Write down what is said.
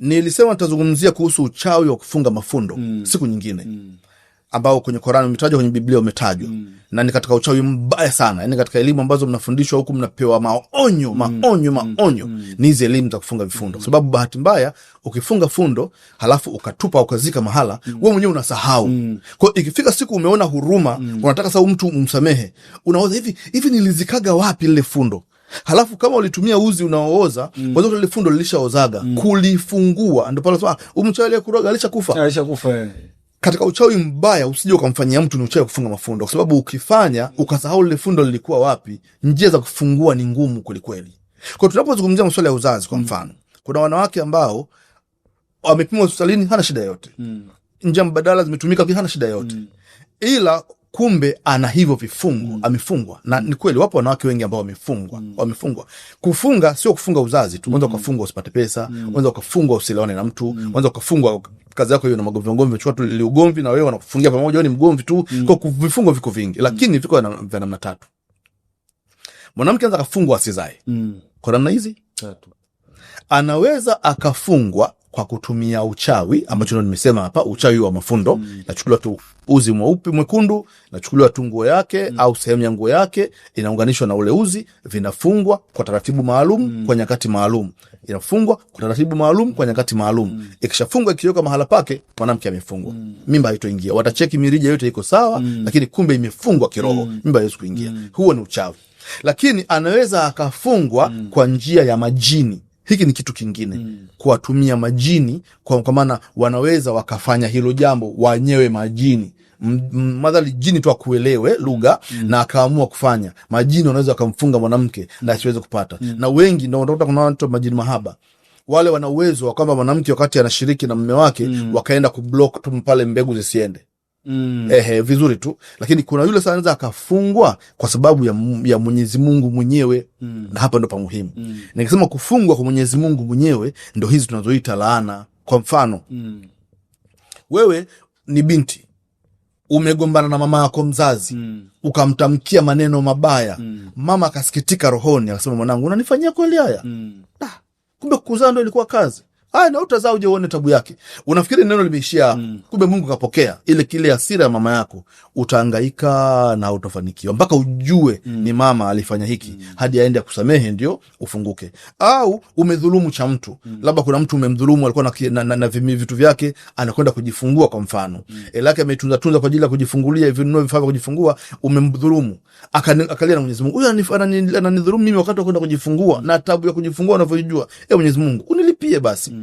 nilisema nitazungumzia kuhusu uchawi wa kufunga mafundo mm. siku nyingine mm. ambao kwenye Korani umetajwa, kwenye Biblia umetajwa mm. na ni katika uchawi mbaya sana, yani katika elimu ambazo mnafundishwa huku mnapewa maonyo mm. maonyo mm. maonyo mm. ni hizi elimu za kufunga vifundo mm. sababu bahati mbaya ukifunga fundo halafu ukatupa ukazika mahala mm. we mwenyewe unasahau mm. kwa ikifika siku umeona huruma mm. unataka sau mtu umsamehe, unawaza hivi hivi nilizikaga wapi lile fundo Halafu kama ulitumia uzi unaooza mm. kwanza ile fundo lilishaozaga mm. kulifungua, ndio pale sema ah, umchawi aliyekuroga alishakufa, ah, alishakufa yeah. Katika uchawi mbaya usije ukamfanyia mtu ni uchawi kufunga mafundo, kwa sababu ukifanya ukasahau lile fundo lilikuwa wapi, njia za kufungua ni ngumu kweli kweli Kwa tunapozungumzia masuala ya uzazi kwa mm. mfano, mm. kuna wanawake ambao wamepimwa hospitalini hana shida yote mm. njia mbadala zimetumika, hana shida yote mm. ila kumbe ana hivyo vifungo mm. Amefungwa na ni kweli, wapo wanawake wengi ambao wamefungwa mm. Wamefungwa. Kufunga sio kufunga uzazi tu, unaweza mm. ukafungwa usipate pesa unaweza mm. Unaweza ukafungwa usielewane na mtu unaweza mm. Unaweza ukafungwa kazi yako hiyo na magomvi magomvi, chukua tu ile ugomvi na wewe wanakufungia pamoja, wewe ni mgomvi tu mm. Kwa vifungo viko vingi, mm. lakini mm. viko na, vya namna tatu. Mwanamke anaweza akafungwa asizae mm. kwa namna hizi tatu, anaweza akafungwa kwa kutumia uchawi ambacho ndo nimesema hapa, uchawi wa mafundo mm. Nachukuliwa tu uzi mweupe mwekundu, nachukuliwa tu nguo yake mm. au sehemu ya nguo yake inaunganishwa na ule uzi, vinafungwa kwa taratibu maalum mm. kwa nyakati maalum, inafungwa kwa taratibu maalum kwa nyakati maalum mm. Ikishafungwa ikiweka mahala pake, mwanamke amefungwa mm. mimba haitoingia. Watacheki mirija yote iko sawa mm. lakini kumbe imefungwa kiroho mm. mimba haiwezi kuingia mm. Huo ni uchawi, lakini anaweza akafungwa mm. kwa njia ya majini hiki ni kitu kingine mm. kuwatumia majini kwa, kwa maana wanaweza wakafanya hilo jambo wanyewe majini madhali jini tu akuelewe lugha mm. na akaamua kufanya. Majini wanaweza wakamfunga mwanamke na asiweze kupata mm. na wengi ndio kuna watu majini mahaba wale wana uwezo wa kwamba mwanamke wakati anashiriki na mme wake mm. wakaenda kublock tu pale mbegu zisiende Mm. Ehe, vizuri tu, lakini kuna yule sasa anaweza akafungwa kwa sababu ya, ya Mwenyezi Mungu mwenyewe mm. na hapa ndo pa muhimu mm. nikisema kufungwa kwa Mwenyezi Mungu mwenyewe ndo hizi tunazoita laana. Kwa mfano mm. wewe ni binti umegombana na mama yako mzazi mm. ukamtamkia maneno mabaya mm. mama akasikitika rohoni, akasema mwanangu, unanifanyia kweli haya mm. kumbe kuzaa ndo ilikuwa kazi Ah, na utazaa uje uone tabu yake. Unafikiri neno limeishia mm. Kumbe Mungu kapokea ile kile ya mama yako, na utafanikiwa mpaka ujue mm. ni mama alifanya hiki mm. hadi aende akusamehe ndio ufunguke. Au umedhulumu cha mtu mm. labda kuna mtu umemdhulumu, alikuwa na, na, na, na vitu vyake, anakwenda kujifungua kwa mfano mm. tunza kwa ajili ya kujifungulia, vifaa vya kujifungua, umemdhulumu akalia na Mwenyezi Mungu, huyu ananidhulumu mimi wakati wa kwenda kujifungua na tabu ya kujifungua unavyojua. E Mwenyezi Mungu unilipie basi mm.